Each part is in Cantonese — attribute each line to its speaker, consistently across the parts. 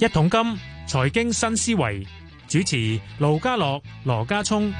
Speaker 1: 一桶金財經新思維主持：盧家潤、羅家聰。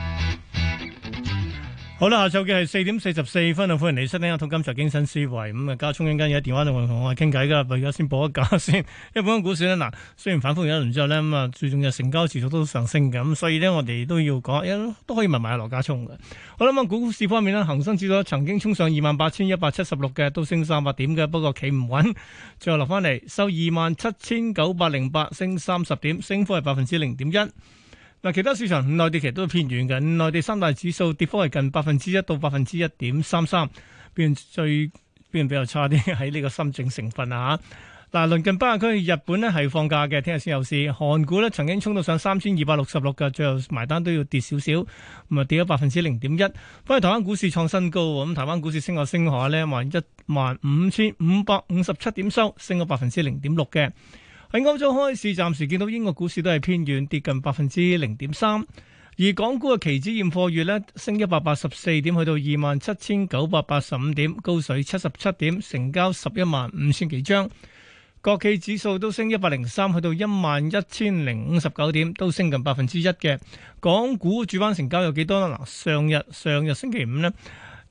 Speaker 1: 好啦，下晝嘅係四點四十四分啊！歡迎你收聽《我通金財經新思維》咁啊，家聰、嗯、一陣有電話同我同我傾偈噶，我而家先補一價先，因為本身股市咧，嗱雖然反覆咗一輪之後呢，咁、嗯、啊，最重要成交持續都上升嘅，咁、嗯、所以呢，我哋都要講，一、嗯、都可以問埋阿羅家聰嘅。好啦，咁、嗯、股市方面呢，恒生指數曾經衝上二萬八千一百七十六嘅，都升三百點嘅，不過企唔穩，最後落翻嚟收二萬七千九百零八，27, 8, 升三十點，升幅係百分之零點一。嗱，其他市場，內地其實都偏軟嘅，內地三大指數跌幅係近百分之一到百分之一點三三，變最變比較差啲喺呢個深圳成分啊嚇。嗱，鄰近北亞區日本呢係放假嘅，聽日先有事。韓股呢曾經衝到上三千二百六十六㗎，最後埋單都要跌少少，咁啊跌咗百分之零點一。不過台灣股市創新高，咁台灣股市升下升下呢，萬一萬五千五百五十七點收，升咗百分之零點六嘅。喺歐洲開市，暫時見到英國股市都係偏軟，跌近百分之零點三。而港股嘅期指現貨月咧升一百八十四點，去到二萬七千九百八十五點，高水七十七點，成交十一萬五千幾張。國企指數都升一百零三，去到一萬一千零五十九點，都升近百分之一嘅。港股主板成交有幾多咧？嗱，上日上日星期五呢，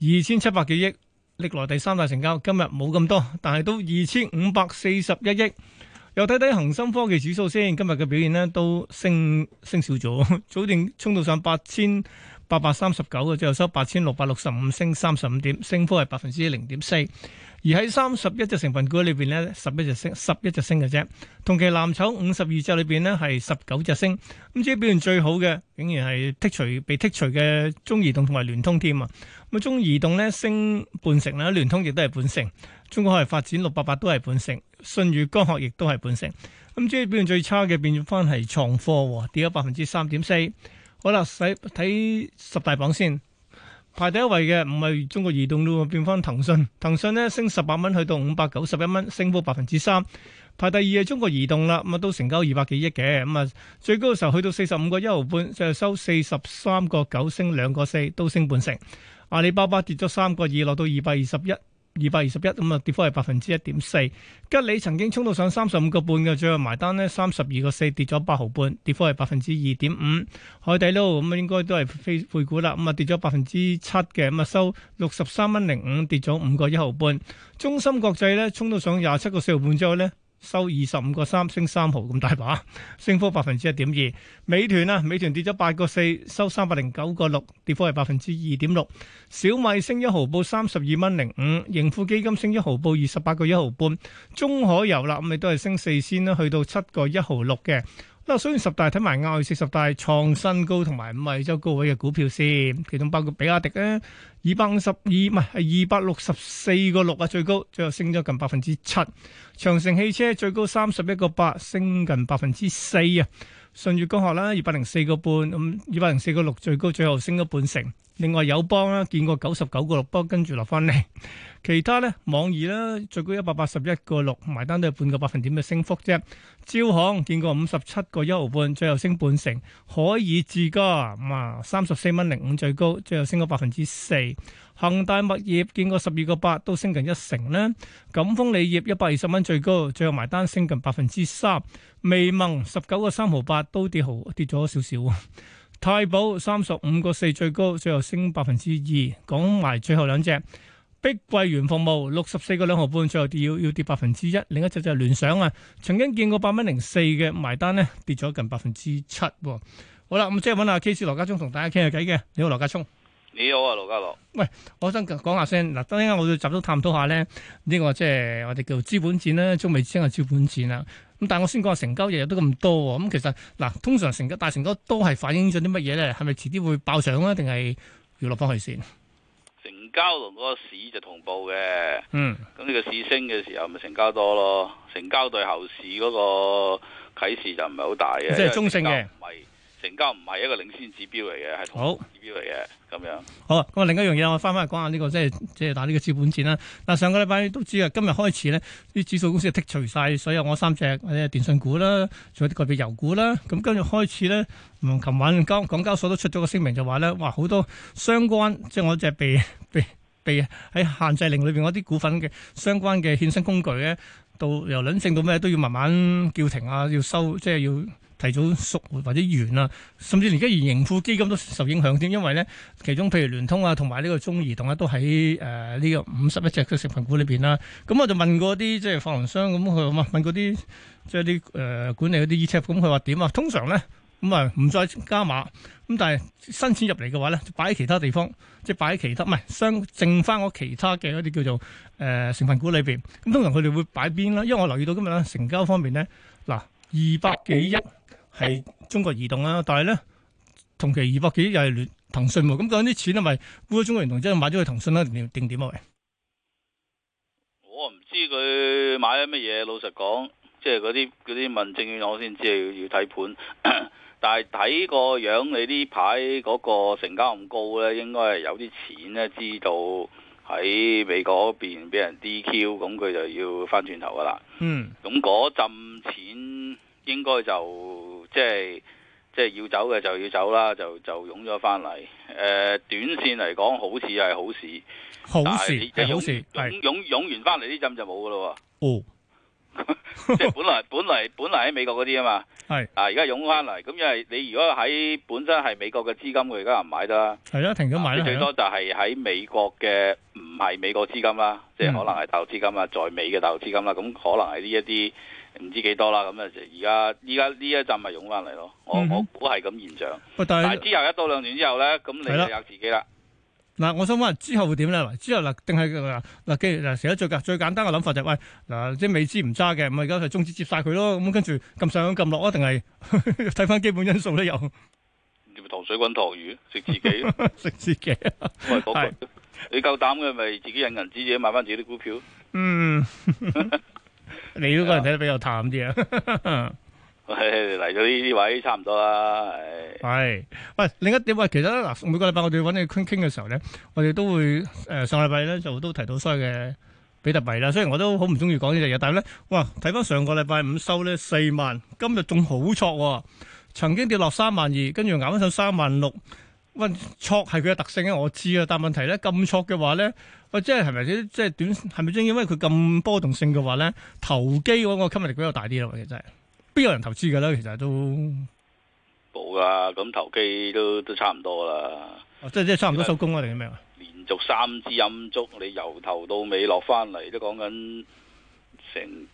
Speaker 1: 二千七百幾億，歷來第三大成交。今日冇咁多，但係都二千五百四十一億。又睇睇恒生科技指數先，今日嘅表現呢都升升少咗，早段衝到上八千八百三十九嘅，最後收八千六百六十五，升三十五點，升幅係百分之零點四。而喺三十一隻成分股裏邊呢，十一隻升，十一隻升嘅啫。同期藍籌五十二隻裏邊呢，係十九隻升，咁至於表現最好嘅，竟然係剔除被剔除嘅中移動同埋聯通添啊。咁、嗯、啊，中移動呢，升半成啦，聯通亦都係半成，中國海外發展六百八都係半成。信譽光學亦都係半成，咁、嗯、至於表現最差嘅變咗翻係創科、哦，跌咗百分之三點四。好啦，使睇十大榜先，排第一位嘅唔係中國移動咯，變翻騰訊。騰訊咧，升十八蚊，去到五百九十一蚊，升幅百分之三。排第二係中國移動啦，咁、嗯、啊都成交二百幾億嘅，咁、嗯、啊最高嘅時候去到四十五個一毫半，就收四十三個九，升兩個四，都升半成。阿里巴巴跌咗三個二，落到二百二十一。二百二十一咁啊，21，跌幅係百分之一點四。吉利曾經衝到上三十五個半嘅，最後埋單咧三十二個四，跌咗八毫半，跌幅係百分之二點五。海底撈咁啊，應該都係非配股啦，咁啊跌咗百分之七嘅，咁啊收六十三蚊零五，跌咗五個一毫半。中芯國際咧衝到上廿七個四毫半之後咧。收二十五個三，升三毫咁大把，升幅，百分之一點二。美團啊，美團跌咗八個四，收三百零九個六，跌幅係百分之二點六。小米升一毫，報三十二蚊零五。盈富基金升一毫，報二十八個一毫半。中海油啦，咁、嗯、亦都係升四仙啦，去到七個一毫六嘅。嗱，所以十大睇埋亞太十大創新高同埋五十二周高位嘅股票先，其中包括比亞迪咧，二百五十二唔係係二百六十四個六啊，最高，最後升咗近百分之七，長城汽車最高三十一個八，升近百分之四啊。最高最高信宇光學啦，二百零四個半，咁二百零四個六最高，最後升咗半成。另外友邦啦，見過九十九個六，不過跟住落翻嚟。其他咧，網易啦，最高一百八十一個六，埋單都有半個百分點嘅升幅啫。招行見過五十七個一毫半，最後升半成。海爾智家啊，三十四蚊零五最高，最後升咗百分之四。恒大物業見過十二個八，都升近一成啦。錦豐利業一百二十蚊最高，最後埋單升近百分之三。微盟十九個三毫八都跌毫，跌咗少少。太保三十五個四最高，最後升百分之二。講埋最後兩隻，碧桂園服務六十四個兩毫半，最後要要跌百分之一。另一隻就聯想啊，曾經見過八蚊零四嘅，埋單咧，跌咗近百分之七。好啦，咁即係揾下 K 師羅家聰同大家傾下偈嘅。你好，羅家聰。
Speaker 2: 你好啊，羅家聰。
Speaker 1: 喂，我想講下先嗱，等陣間我會集中探討下咧，呢個即係我哋叫資本戰啦，中美之間嘅資本戰啦。咁但係我先講下成交日日都咁多啊，咁其實嗱，通常成交大成交都係反映咗啲乜嘢咧？係咪遲啲會爆上啊？定係要落翻去先？
Speaker 2: 成交同嗰個市就同步嘅。嗯。咁呢個市升嘅時候，咪成交多咯。成交對後市嗰個啟示就唔係好大嘅。即係中性嘅。
Speaker 1: 成交唔係一個領先指標嚟嘅，係好同指標嚟嘅咁樣。好，咁啊另一樣嘢，我翻返嚟講下呢個即係即係打呢個資本戰啦。嗱，上個禮拜都知啊，今日開始咧，啲指數公司剔除晒所有嗰三隻或者電信股啦，仲有啲個別油股啦。咁、嗯、今日開始咧，琴晚交港，港交所都出咗個聲明，就話咧，哇好多相關，即係我只被被被喺限制令裏邊嗰啲股份嘅相關嘅衍生工具咧，到由輪性到咩都要慢慢叫停啊，要收即係要。要要要要提早贖回或者完啦、啊，甚至連而家盈富基金都受影響添。因為咧，其中譬如聯通啊，同埋呢個中移動啊，都喺誒呢個五十隻嘅成分股裏邊啦。咁、嗯、我就問過啲即係發行商，咁佢話嘛，問過啲即係啲誒管理嗰啲 ETF 咁佢話點啊？通常咧咁啊唔再加碼咁，但係新錢入嚟嘅話咧，就擺喺其他地方，即係擺喺其他唔係相剩翻我其他嘅一啲叫做誒、呃、成分股裏邊咁。通常佢哋會擺邊啦？因為我留意到今日咧，成交方面咧，嗱二百幾億。係中國移動啦、啊，但係咧同期二百幾又係聯騰訊喎，咁究竟啲錢係咪沽咗中國移動即係買咗去騰訊啦？定點啊？啊
Speaker 2: 我唔知佢買咗乜嘢，老實講，即係嗰啲嗰啲民政院我先知要要睇盤，但係睇個樣，你呢排嗰個成交咁高咧，應該係有啲錢咧知道喺美國嗰邊俾人 DQ，咁佢就要翻轉頭噶啦。嗯，咁嗰浸錢應該就。即係即係要走嘅就要走啦，就就湧咗翻嚟。誒、呃，短線嚟講，好似係好事，
Speaker 1: 好市但係係好事。湧
Speaker 2: 湧湧完翻嚟呢浸就冇噶咯
Speaker 1: 喎。
Speaker 2: 哦， 即係本來本來本來喺美國嗰啲啊嘛。係是啊，而家湧翻嚟，咁因為你如果喺本身係美國嘅資金，佢而家唔買得啦。
Speaker 1: 係咯，停咗買啦、啊、最多
Speaker 2: 就係喺美國嘅唔係美國資金啦，即係、嗯、可能係投資金啊，在美嘅投資金啦，咁可能係呢一啲。唔知幾多啦，咁啊，而家依家，呢一陣咪湧翻嚟咯，我我估係咁現象。但係之後一到兩年之後咧，咁你揸自己啦。
Speaker 1: 嗱，我想問之後會點咧？之後嗱，定係嗱嗱跟嗱成咗最簡最簡單嘅諗法就係喂嗱，即係美資唔揸嘅，唔係而家係中資接晒佢咯。咁跟住咁上咁落啊？定係睇翻基本因素都有。
Speaker 2: 糖水滾糖魚，食自己食自己啊！你夠膽嘅咪自己印銀紙自己買翻自己啲股票。嗯。
Speaker 1: 你都個人睇得比較淡啲啊，
Speaker 2: 嚟到呢啲位差唔多啦，係，
Speaker 1: 係，喂，另一點喂，其實嗱，每個禮拜我哋揾你傾傾嘅時候咧，我哋都會誒上禮拜咧就都提到所有嘅比特幣啦，雖然我都好唔中意講呢隻嘢，但係咧，哇，睇翻上個禮拜五收咧四萬，今日仲好挫喎，曾經跌落三萬二，跟住咬翻上三萬六。喂，挫係佢嘅特性啊，我知啊，但問題咧，咁挫嘅話咧，或者係咪即係短係咪先？因為佢咁波動性嘅話咧，投機嗰個吸引力比較大啲咯，其實，邊有人投資嘅咧？其實都
Speaker 2: 冇噶，咁投機都都差唔多啦。
Speaker 1: 即係即係差唔多收工啊？定係咩啊？
Speaker 2: 連續三支陰燭，啊、你由頭到尾落翻嚟，都講緊成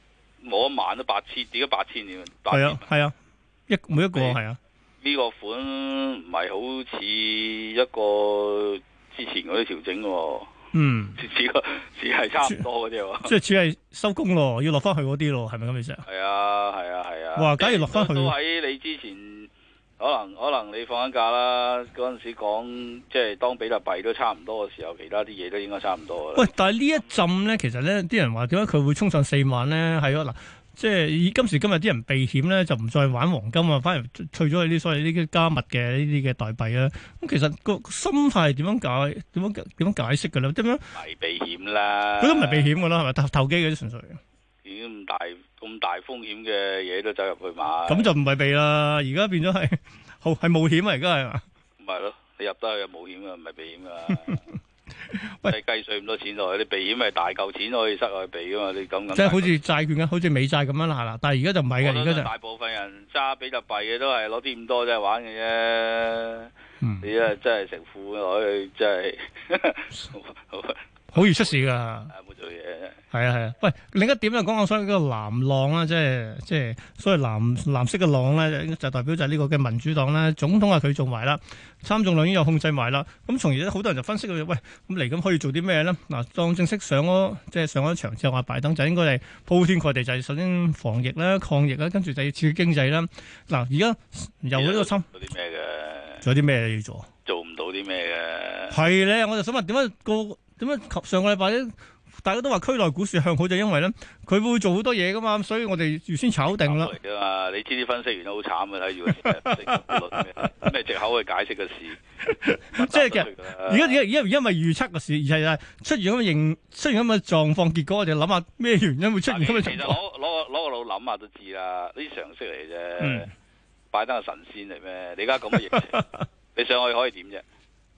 Speaker 2: 冇一晚都八千點，點解八千
Speaker 1: 點。係啊，係啊，一每一個係比 啊。
Speaker 2: 呢個款唔係好似一個之前嗰啲調整
Speaker 1: 喎，
Speaker 2: 嗯、只只係差唔多嗰啲喎。即係似係
Speaker 1: 收工咯，要落翻去嗰啲咯，係咪咁意思啊？係啊，係啊，
Speaker 2: 係啊！哇，假如落翻去都喺你之前，可能可能你放緊假啦，嗰陣時講即係當比特幣都差唔多嘅時候，其他啲嘢都應該差唔多啦。喂，
Speaker 1: 但係呢一浸咧，其實咧，啲人話點解佢會衝上四萬咧？係咯、啊，嗱。即係以今時今日啲人避險咧，就唔再玩黃金啊，反而除咗呢啲所謂呢啲加密嘅呢啲嘅代幣啦。咁其實個心態係點樣解？點樣點樣解釋㗎咧？點樣？
Speaker 2: 係避險啦，嗰啲唔係避
Speaker 1: 險㗎啦，係咪投投機嘅都純粹。
Speaker 2: 已經咁大咁大風險嘅嘢都走入去買，咁
Speaker 1: 就唔係避啦。而家變咗係好係冒險啊！而家係咪？
Speaker 2: 唔係咯，你入得去冒險啊，唔係避險㗎。喂，計稅咁多錢落去，你避險咪大嚿錢可以塞落去避噶嘛？你咁，即係好似
Speaker 1: 債券咁，好似美債咁樣啦。但係而家就唔係噶，而家就是、大
Speaker 2: 部分人揸比特幣嘅都係攞啲咁多啫玩嘅啫。嗯、你啊真係食苦落去，真係。 好
Speaker 1: 好易出事噶，係啊係啊，啊。喂，另一點就講下，所謂個藍浪咧，即係即係，所謂藍藍色嘅浪咧，就代表就係呢個嘅民主黨咧，總統係佢做埋啦，參眾兩院又控制埋啦。咁從而咧，好多人就分析佢喂，咁嚟緊可以做啲咩咧？嗱，當正式上咗，即係上咗場之後，話拜登就應該係鋪天蓋地，就係、是、首先防疫啦、抗疫啦，跟住就要刺激經濟啦。嗱，而家又喺度深。做啲咩嘅？做啲咩要做？做
Speaker 2: 唔到啲咩嘅？係
Speaker 1: 咧，我就想問點解個？點解？上個禮拜咧，大家都話區內股市向好，就因為咧佢會做好多嘢噶嘛，所以我哋預先炒定啦。
Speaker 2: 嘛，你知啲分析員都好慘噶，睇住佢哋分析個結論咩藉口去解釋
Speaker 1: 個事。即係其實而家點解？而家唔係預測個事，而係出現咁嘅形出現咁嘅狀況，結果我哋諗下咩原因會出現咁嘅狀況。其實攞
Speaker 2: 攞個攞個腦諗下都知啦，呢啲常識嚟啫。
Speaker 1: 嗯、
Speaker 2: 拜登係神仙嚟咩？你而家講緊疫情？ 你上去可以點啫？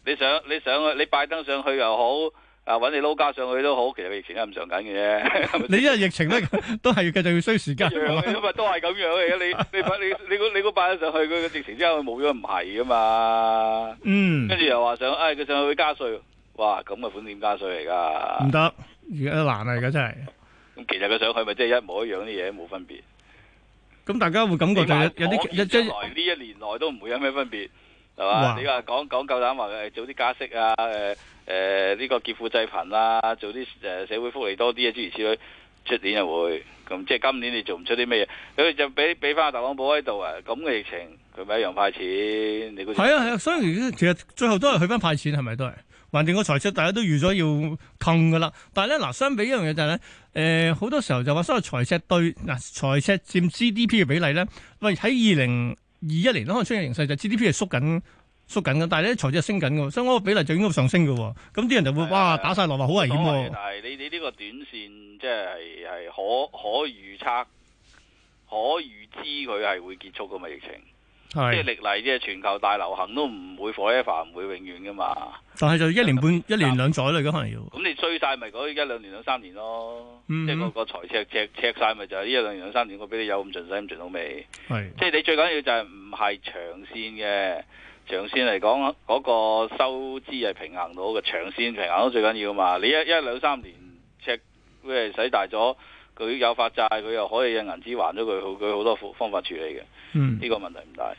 Speaker 2: 你上你上去你，你，你，你拜登上去又好。啊！揾你撈加上去都好，其實疫情
Speaker 1: 都咁常緊嘅啫。你因為疫情咧都係 繼續要需時間，因
Speaker 2: 為 都係咁樣嘅。你你你你個你個擺咗上去，佢嘅疫情之後冇咗唔係噶嘛。嗯，跟住又話想，唉、哎，佢上去加稅，哇！咁嘅款點加稅嚟噶？
Speaker 1: 唔得，而家難啦，而家真係。
Speaker 2: 咁 其實佢上去咪即係一模一樣啲嘢，冇分別。
Speaker 1: 咁大家會感覺就係有啲一將
Speaker 2: 來呢一年內都唔會有咩分別，
Speaker 1: 係嘛嘩？你
Speaker 2: 話講講夠膽話誒早啲加息啊誒？呃誒，呢、呃這個劫富濟貧啦，做啲誒、呃、社會福利多啲啊，諸如此類，出年又會，咁、嗯、即係今年你做唔出啲咩嘢？咁就俾俾翻個大王寶喺度啊！咁嘅疫情，佢咪一樣派錢？你估？係啊
Speaker 1: 係啊，所以其實最後都係去翻派錢，係咪都係？反正個財赤大家都預咗要坑噶啦。但係咧，嗱，相比一樣嘢就係、是、咧，誒、呃，好多時候就話，所然財赤對嗱財赤佔 GDP 嘅比例咧，喂，喺二零二一年咯，可能出現嘅形勢就 GDP 係縮緊。縮緊嘅，但係呢啲財赤升緊嘅，所以我個比例就應該上升嘅。咁啲人就會哇打晒落嚟，好危險。但
Speaker 2: 係你你呢個短線即係係可可預測、可預知佢係會結束嘅嘛？疫情
Speaker 1: 即係歷
Speaker 2: 嚟即係全球大流行都唔會火一番，唔會永遠嘅嘛。但係
Speaker 1: 就一年半、一年兩載啦，而家可能要。
Speaker 2: 咁你衰晒咪嗰一兩年、兩三年咯。即係個財赤赤赤晒咪就係呢一兩年兩三年，我俾你有咁盡使咁盡到未？係即係你最緊要就係唔係長線嘅。長線嚟講，嗰、嗰個收支係平衡到嘅，長線平衡到最緊要嘛。你一一兩三年赤，即係使大咗，佢有發債，佢又可以有銀紙還咗佢，佢好多方法
Speaker 1: 處理嘅。嗯，呢個問題唔大。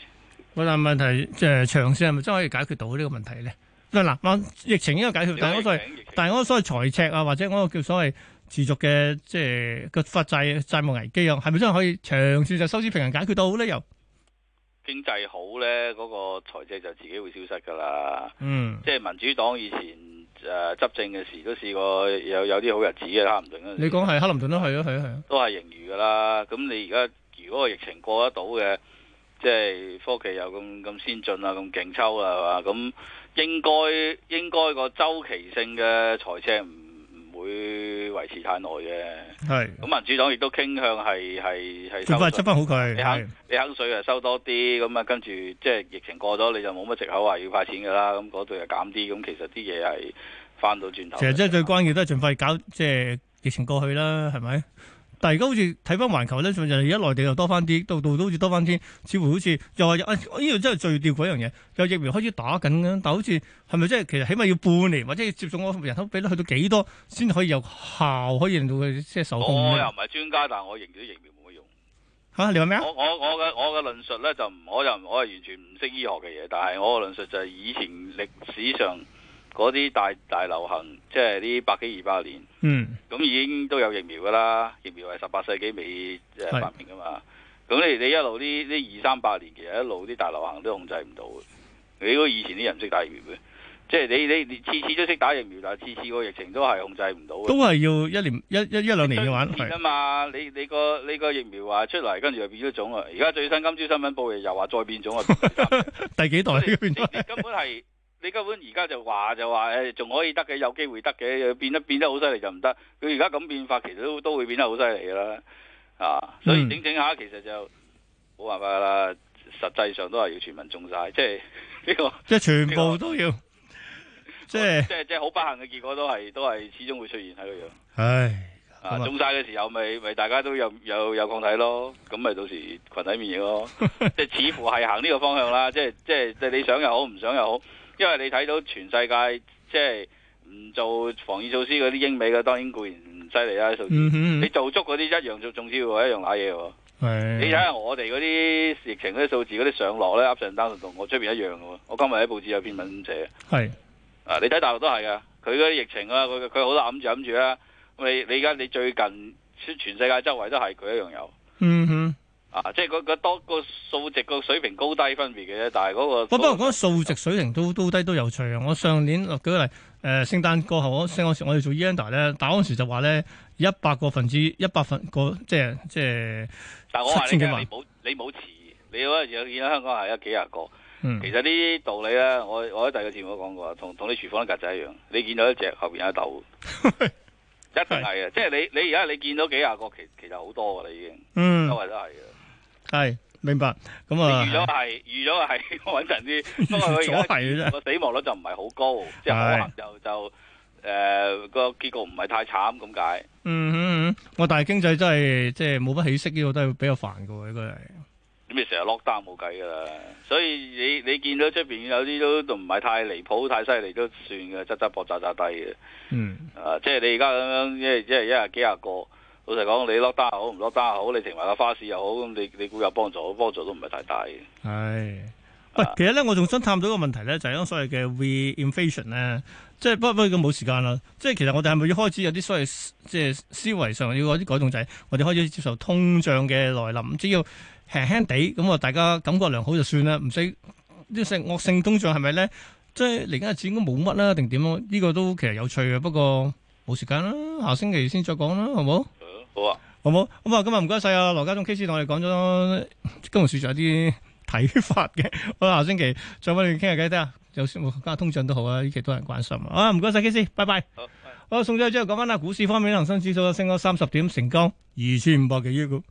Speaker 1: 但係問題即係、呃、長線係咪真係可以解決到呢個問題咧？嗱、啊，疫情應該解決，但係但係嗰個所謂財赤啊，或者嗰個叫所謂持續嘅即係個發債債務危機啊，係咪真係可以長線就收支平衡解決到咧？又？
Speaker 2: 經濟好呢，嗰、那個財政就自己會消失㗎啦。嗯，即係民主黨以前誒、呃、執政嘅時都試過有有啲好日子嘅克林頓嗰陣
Speaker 1: 時你講係克林頓都係啊，係啊，係啊，
Speaker 2: 都係盈餘㗎啦。咁你而家如果個疫情過得到嘅，即係科技又咁咁先進啊，咁勁抽啊，係嘛，咁應該應該個周期性嘅財政唔唔會維持太耐嘅，係咁是民主黨亦都傾向係係係盡快出翻好佢，你肯是你肯水啊收多啲，咁啊跟住即係疫情過咗你就冇乜藉口話要派錢噶啦，咁嗰度又減啲，咁其實啲嘢係翻到轉頭。其實真係最關
Speaker 1: 鍵都係盡快搞即係疫情過去啦，係咪？ 但係而家好似睇翻環球咧，就係而家內地又多翻啲，度度都，都好似多翻啲，似乎好似又話啊，依、哎、度真係最屌嗰樣嘢。有疫苗開始打緊啦，但係好似係咪真係其實起碼要半年或者要接種嗰人口比得去到幾多先可以有效可以令到佢即係受控。我又唔
Speaker 2: 係專家，但係我認住啲疫苗冇用
Speaker 1: 嚇、啊。你話咩啊？我
Speaker 2: 我嘅我嘅論述咧就，唔，我就我係完全唔識醫學嘅嘢，但係我嘅論述就係以前歷史上。嗰啲大大流行，即係呢百幾二百年，咁、嗯、已經都有疫苗噶啦。疫苗係十八世紀尾誒發明噶嘛。咁你是你一路呢啲二三百年其實，一路啲大流行都控制唔到嘅。你嗰以前啲人唔識打疫苗嘅，即係你你次次都識打疫苗，但係次次個疫情都係控制唔到都係要
Speaker 1: 一年一一一,一兩年要玩。變啊
Speaker 2: 嘛！你你個你個疫苗話出嚟，跟住又變咗種啊！而家最新今朝新聞報嘅又話再變種啊！
Speaker 1: 第幾代你？你根本
Speaker 2: 係。你根本而家就話就話，誒、欸，仲可以得嘅，有機會得嘅，變得變得好犀利就唔得。佢而家咁變法，其實都都會變得好犀利啦，啊，所以整整下，其實就冇辦法啦。實際上都係要全民中晒，即係呢、
Speaker 1: 這個，即係全部都要，即
Speaker 2: 係即係即係好不幸嘅結果，結果都係都係始終會出現喺個樣。
Speaker 1: 唉，啊，中晒
Speaker 2: 嘅時候，咪咪大家都有有有抗體咯，咁咪到時群體免疫咯。即係 似乎係行呢個方向啦，即係即係即係你想又好，唔想又好。因為你睇到全世界即係唔做防疫措施嗰啲英美嘅，當然固然唔犀利啦，數字，嗯嗯，你做足嗰啲一樣做中招一樣攬嘢喎。是你睇下我哋嗰啲疫情嗰啲數字嗰啲上落咧，Ups and downs 同我出邊一樣嘅喎。我今日喺報紙有篇文寫，
Speaker 1: 係是啊，你睇
Speaker 2: 大陸都係噶，佢嗰啲疫情啊，佢佢好多揞住揞住啦。你你而家你最近全世界周圍都係佢一樣有。嗯哼。啊！即係嗰個多個,個,個,個數值個水平高低分別嘅啫，但係、那、嗰個，不不過講數
Speaker 1: 值水平都 welfare 都,都低都有趣啊！我上年舉例，誒，聖誕過後我，即我時我哋做 Ender 咧，打嗰時就話咧一百個分之一百分個，即係即係但係我話你你冇
Speaker 2: 你冇錢，你嗰陣時又見到香港係有幾廿個。其實呢啲道理咧，我我喺第二個節目都講過，同同啲廚房啲曱甴一樣，你見到一隻後邊有一竇，一定係嘅。即係你你而家你見到幾廿個，其其實好多㗎喇已經，
Speaker 1: 周圍都係係明白，咁啊預咗係，
Speaker 2: 預咗係，呵呵 我穩陣啲。不過佢而家個死亡率就唔係好高，即係可能就就誒、呃那個結果唔係太慘咁解。嗯
Speaker 1: 哼嗯我但係經濟真係即係冇乜起色呢，我都係比較煩噶喎，應該
Speaker 2: 係。你成日落單冇計噶啦，所以你你見到出邊有啲都都唔係太離譜、太犀利都算嘅，扎扎博扎扎低嘅。嗯，啊，即係你而家咁樣，即係即係一日幾廿個。老實講，你落單好唔落單好，你停埋個花市又好，咁你你估有幫助，幫助都唔係太大
Speaker 1: 嘅。係，喂， 唉唉其實咧，唉我仲想探討個問題咧，就係、是、嗰所謂嘅 reinflation 咧，即係不不，咁冇時間啦。即係其實我哋係咪要開始有啲所謂即係思維上要啲改動？就係我哋開始接受通脹嘅來臨，只要輕輕地咁啊，大家感覺良好就算啦，唔使啲惡性通脹係咪咧？即係嚟緊日子應該冇乜啦，定點？呢個都其實有趣嘅，不過冇時間啦，下星期先再講啦，好冇？好啊，好唔好？咁、嗯、啊，今日唔該晒啊，羅家聰 KC 同我哋講咗金融市場有啲睇法嘅，好、嗯、我下星期再搵你傾下偈先啊。看看有升冇加通脹都好啊，呢期多人關心啊。唔該晒 KC，拜拜。好，好，送咗去之後講翻啦，股市方面恒生指數升咗三十點，成交二千五百幾億。